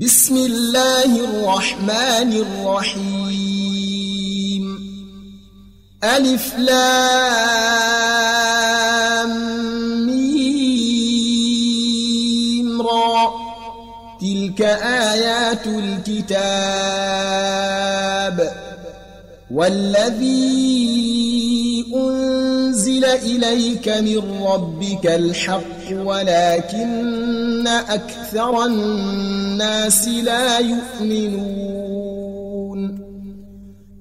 بسم الله الرحمن الرحيم ألف لام ميم را تلك آيات الكتاب والذي أنزل أنزل إليك من ربك الحق ولكن أكثر الناس لا يؤمنون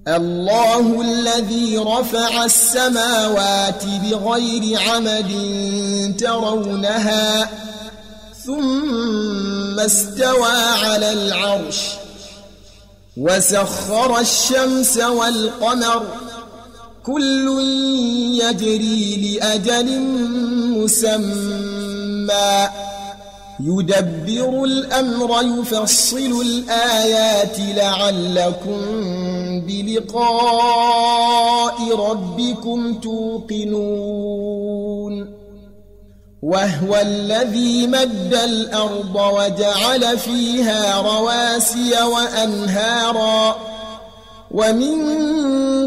الله الذي رفع السماوات بغير عمد ترونها ثم استوى على العرش وسخر الشمس والقمر كل يجري لأجل مسمى يدبر الأمر يفصل الآيات لعلكم بلقاء ربكم توقنون وهو الذي مد الأرض وجعل فيها رواسي وأنهاراً ومن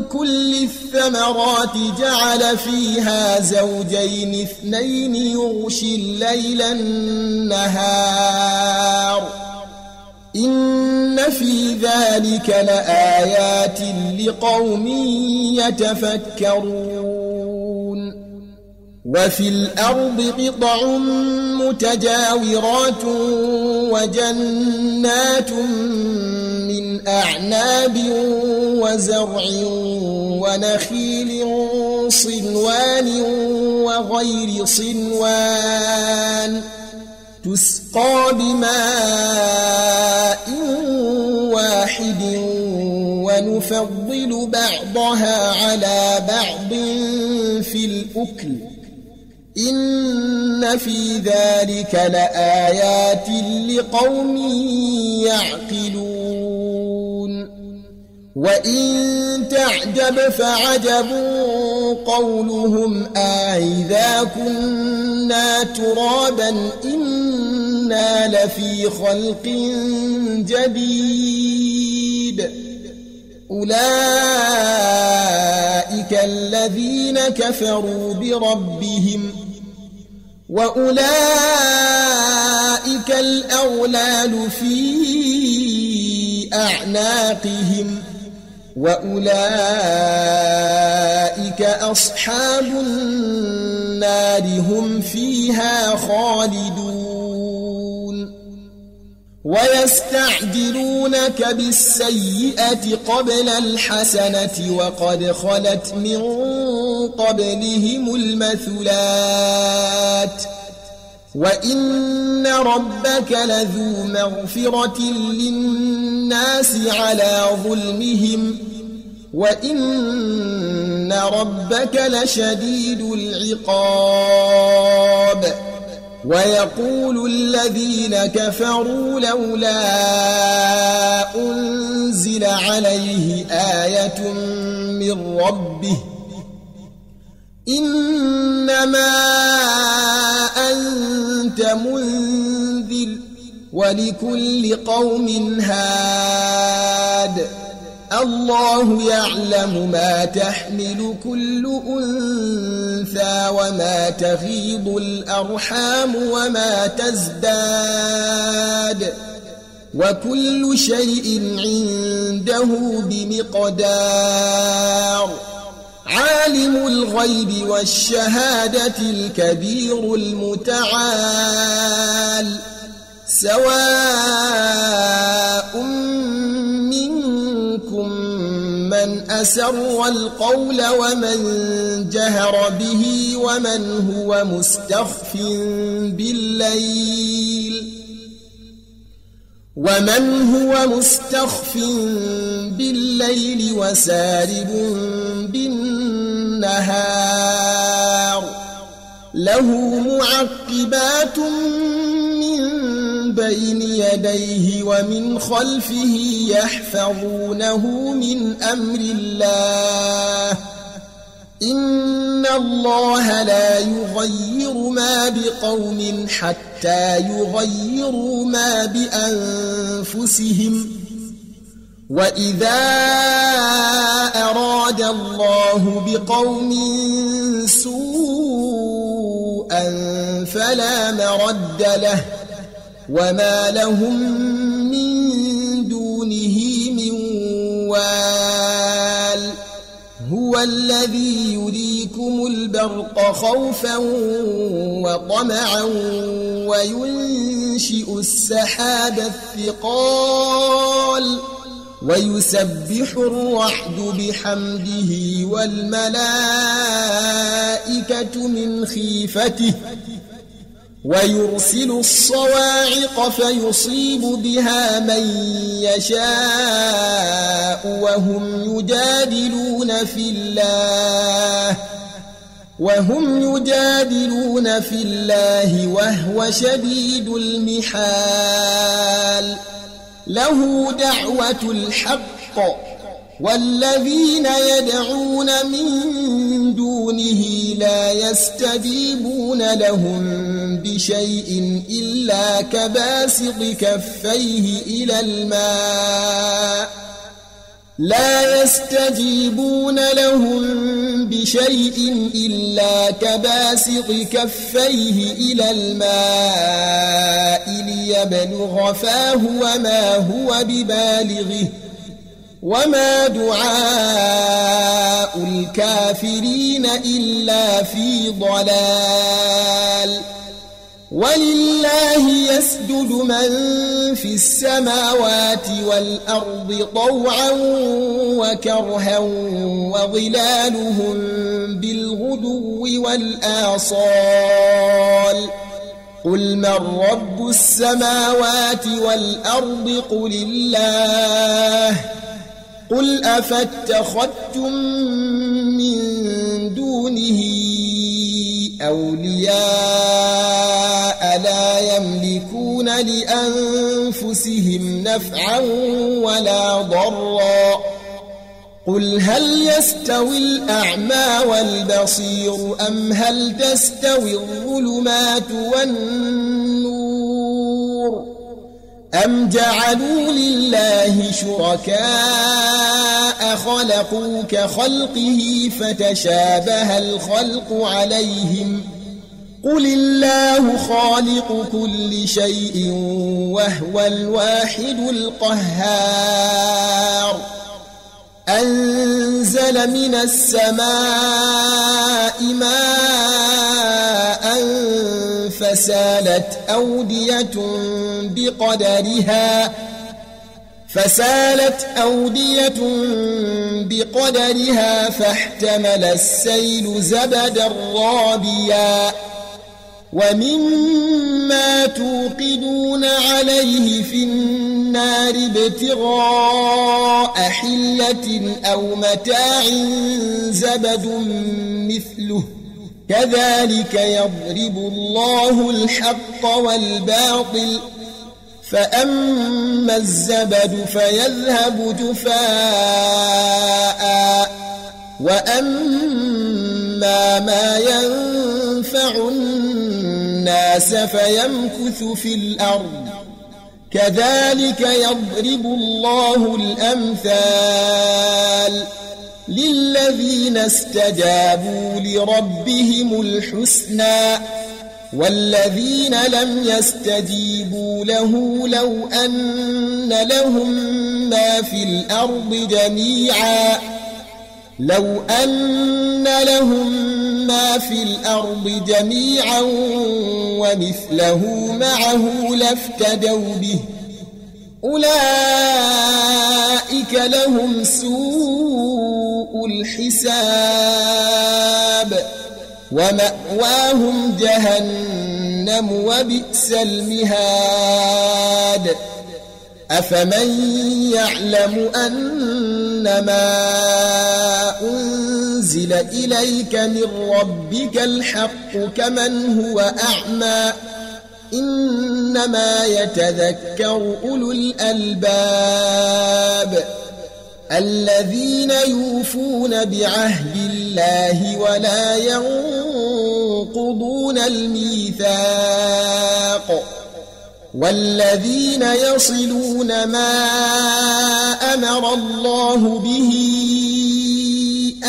كل الثمرات جعل فيها زوجين اثنين يغشي الليل النهار إن في ذلك لآيات لقوم يتفكرون وفي الأرض قطع متجاورات وجنات من أعناب وزرع ونخيل صنوان وغير صنوان تسقى بماء واحد ونفضل بعضها على بعض في الأكل إن في ذلك لآيات لقوم يعقلون وإن تعجب فعجب قولهم أإذا كنا ترابا إنا لفي خلق جديد أولئك الذين كفروا بربهم وأولئك الأغلال في أعناقهم ۖ واولئك اصحاب النار هم فيها خالدون ويستعجلونك بالسيئه قبل الحسنه وقد خلت من قبلهم المثلات وإن ربك لذو مغفرة للناس على ظلمهم وإن ربك لشديد العقاب ويقول الذين كفروا لولا أنزل عليه آية من ربه إنما ولكل قوم هاد الله يعلم ما تحمل كل انثى وما تغيض الارحام وما تزداد وكل شيء عنده بمقدار عالم الغيب والشهاده الكبير المتعال سواء منكم من أسر القول ومن جهر به ومن هو مستخف بالليل ومن هو مستخف بالليل وسارب بالنهار له معقبات من بين يديه ومن خلفه يحفظونه من أمر الله إن الله لا يغير ما بقوم حتى يغيروا ما بأنفسهم وإذا أراد الله بقوم سوءا فلا مرد له وما لهم من دونه من وال هو الذي يريكم البرق خوفا وطمعا وينشئ السحاب الثقال ويسبح الرعد بحمده والملائكة من خيفته ويرسل الصواعق فيصيب بها من يشاء وهم يجادلون في الله وهم يجادلون في الله وهو شديد المحال له دعوة الحق والذين يدعون من دونه لا يستجيبون لهم بشيء إلا كباسط كفيه إلى الماء لا يستجيبون لهم بشيء إلا كباسط كفيه إلى الماء ليبلغ فاه وما هو ببالغه وما دعاء الكافرين إلا في ضلال ولله يسجد من في السماوات والأرض طوعا وكرها وظلالهم بالغدو والآصال قل من رب السماوات والأرض قل الله قل أفاتخذتم من دونه أولياء لا يملكون لأنفسهم نفعا ولا ضرا قل هل يستوي الأعمى والبصير أم هل تستوي الظلمات والنور أم جعلوا لله شركاء خلقوا كخلقه فتشابه الخلق عليهم قل الله خالق كل شيء وهو الواحد القهار أنزل من السماء ماء فسالت أودية بقدرها فسالت أودية بقدرها فاحتمل السيل زبدا رابيا ومما توقدون عليه في النار ابتغاء حلة أو متاع زبد مثله كذلك يضرب الله الحق والباطل فأما الزبد فيذهب جفاء وأما ما ينفع الناس فيمكث في الأرض كذلك يضرب الله الأمثال للذين استجابوا لربهم الحسنى والذين لم يستجيبوا له لو أن لهم ما في الأرض جميعا لو أن لهم ما في الأرض جميعا ومثله معه لافتدوا به أولئك لهم سوء سوء الحساب ومأواهم جهنم وبئس المهاد أفمن يعلم أنما أنزل إليك من ربك الحق كمن هو أعمى إنما يتذكر أولو الألباب الذين يوفون بعهد الله ولا ينقضون الميثاق والذين يصلون ما امر الله به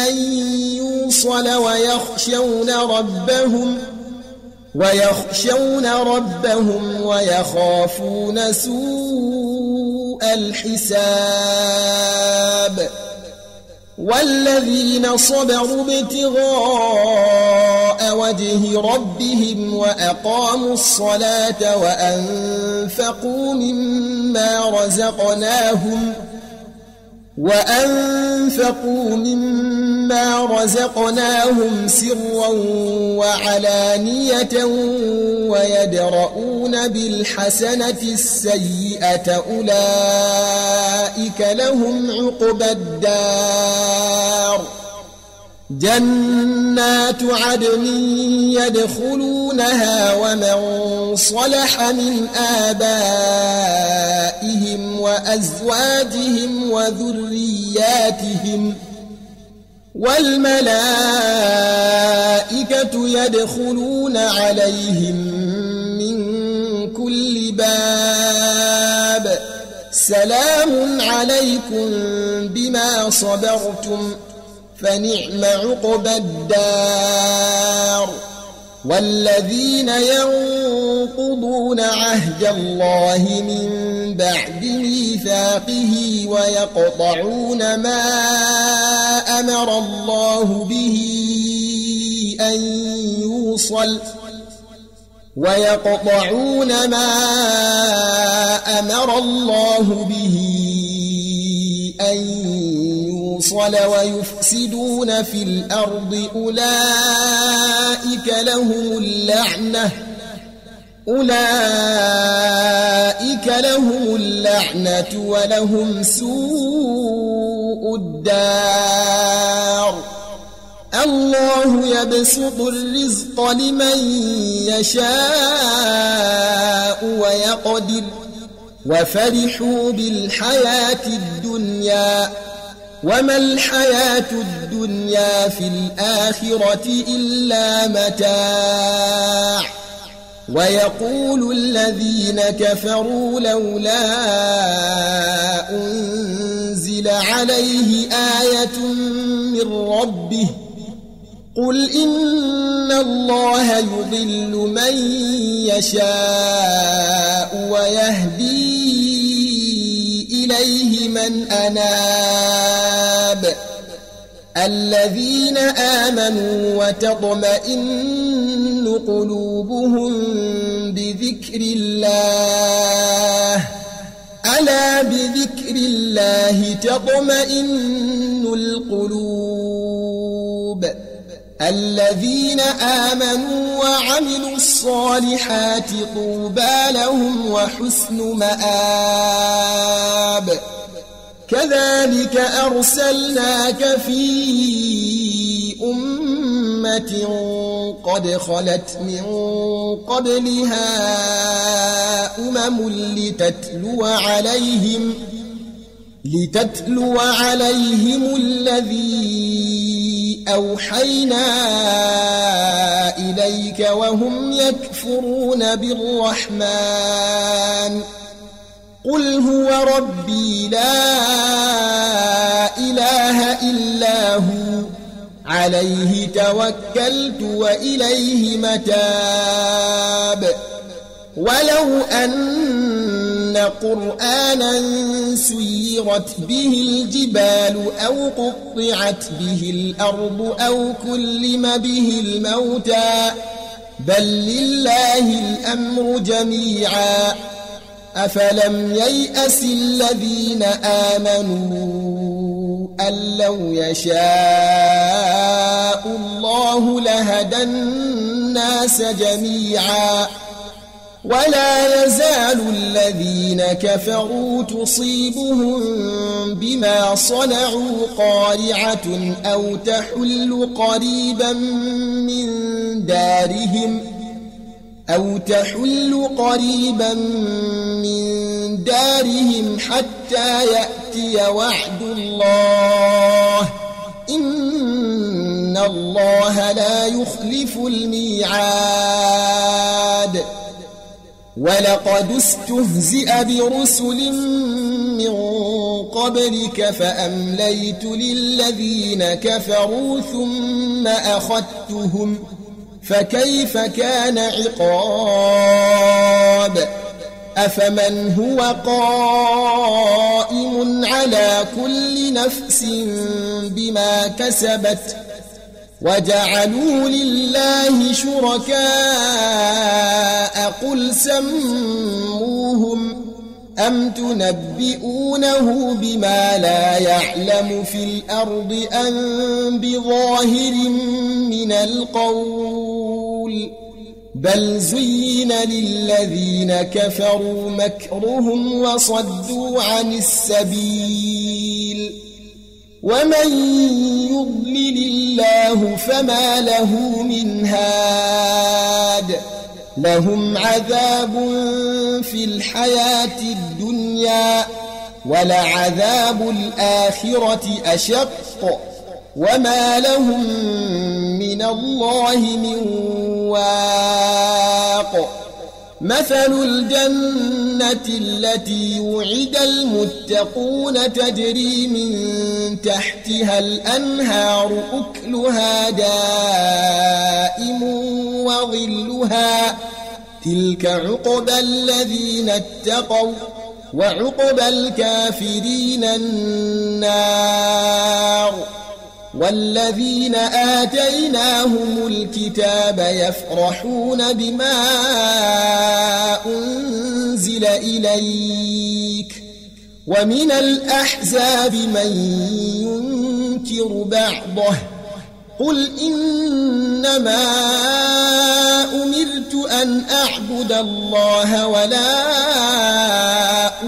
ان يوصل ويخشون ربهم ۖ ويخشون ربهم ويخافون سوء الحساب والذين صبروا ابتغاء وجه ربهم وأقاموا الصلاة وأنفقوا مما رزقناهم ۖ وأنفقوا مما رزقناهم سرا وعلانية ويدرؤون بالحسنة السيئة أولئك لهم عقبى الدار جنات عدن يدخلونها ومن صلح من آبائهم وأزواجهم وذرياتهم والملائكة يدخلون عليهم من كل باب سلام عليكم بما صبرتم ۖ فنعم عقبى الدار والذين ينقضون عهد الله من بعد ميثاقه ويقطعون ما امر الله به ان يوصل ويقطعون ما امر الله به ان الموصل ويفسدون في الأرض أولئك لهم اللعنة أولئك لهم اللعنة ولهم سوء الدار الله يبسط الرزق لمن يشاء ويقدر وفرحوا بالحياة الدنيا وما الحياة الدنيا في الآخرة إلا متاع ويقول الذين كفروا لولا أنزل عليه آية من ربه قل إن الله يضل من يشاء ويهدي إليه من أناب الذين آمنوا وتطمئن قلوبهم بذكر الله ألا بذكر الله تطمئن القلوب الذين آمنوا وعملوا الصالحات طوبى لهم وحسن مآب كذلك أرسلناك في أمة قد خلت من قبلها أمم لتتلو عليهم ۖ لتتلو عليهم الذي أوحينا إليك وهم يكفرون بالرحمن قل هو ربي لا إله إلا هو عليه توكلت وإليه متاب ولو أن قرآنا سيرت به الجبال أو قطعت به الأرض أو كلم به الموتى بل لله الأمر جميعا أفلم ييأس الذين آمنوا أن لو يشاء الله لهدى الناس جميعا ولا يزال الذين كفروا تصيبهم بما صنعوا قارعة أو تحل قريبا من دارهم أو تحل قريبا من دارهم حتى يأتي وعد الله إن الله لا يخلف الميعاد ولقد استهزئ برسل من قبلك فأمليت للذين كفروا ثم أخذتهم فكيف كان عقاب أفمن هو قائم على كل نفس بما كسبت ۖ وجعلوا لله شركاء قل سموهم أم تنبئونه بما لا يعلم في الأرض أم بظاهر من القول بل زين للذين كفروا مكرهم وصدوا عن السبيل ومن الله فما له من هاد لهم عذاب في الحياة الدنيا ولعذاب الآخرة أشق وما لهم من الله من واق مثل الجنة التي وعد المتقون تجري من تحتها الأنهار أكلها دائم وظلها تلك عقبى الذين اتقوا وعقبى الكافرين النار والذين آتيناهم الكتاب يفرحون بما أنزل إليك ومن الأحزاب من ينكر بعضه قل إنما أمرت أن أعبد الله ولا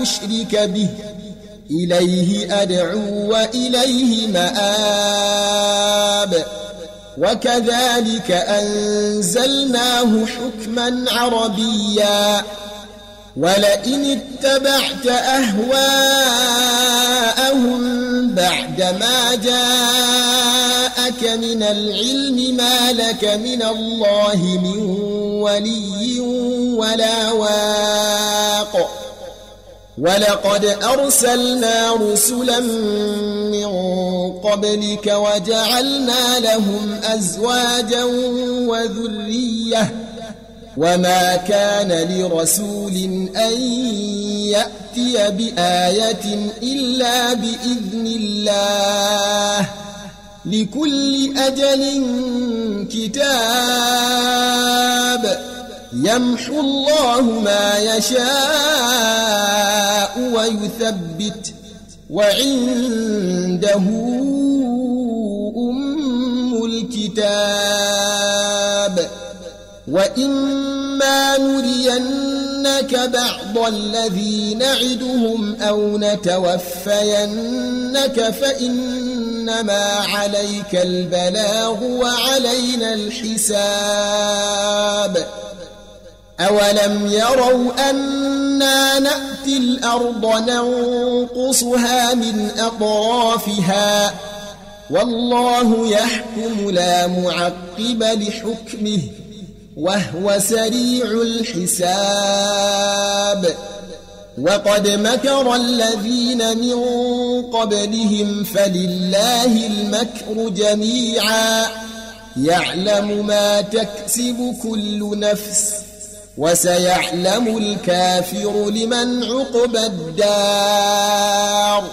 أشرك به إليه أدعو وإليه مآب وكذلك أنزلناه حكما عربيا ولئن اتبعت أهواءهم بعد ما جاءك من العلم ما لك من الله من ولي ولا واق ولقد أرسلنا رسلا من قبلك وجعلنا لهم أزواجا وذرية وما كان لرسول أن يأتي بآية إلا بإذن الله لكل أجل كتاب يمحو الله ما يشاء ويثبت وعنده أم الكتاب وإما نرينك بعض الذي نعدهم أو نتوفينك فإنما عليك البلاغ وعلينا الحساب ۖ أولم يروا أنا نأتي الأرض ننقصها من أطرافها والله يحكم لا معقب لحكمه وهو سريع الحساب وقد مكر الذين من قبلهم فلله المكر جميعا يعلم ما تكسب كل نفس وسيعلم الكافر لمن عقبى الدار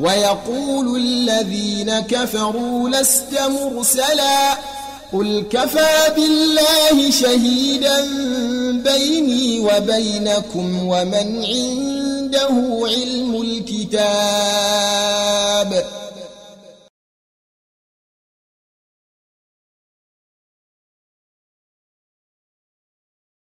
ويقول الذين كفروا لست مرسلا قل كفى بالله شهيدا بيني وبينكم ومن عنده علم الكتاب